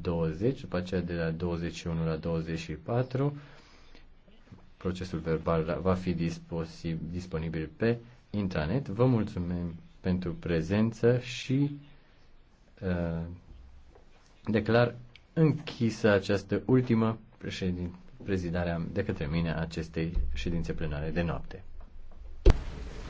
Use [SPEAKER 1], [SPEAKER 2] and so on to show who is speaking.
[SPEAKER 1] 20, după aceea de la 21 la 24. Procesul verbal va fi disponibil pe intranet. Vă mulțumim pentru prezență și uh, declar închisă această ultimă președin, prezidare de către mine a acestei ședințe plenare de noapte.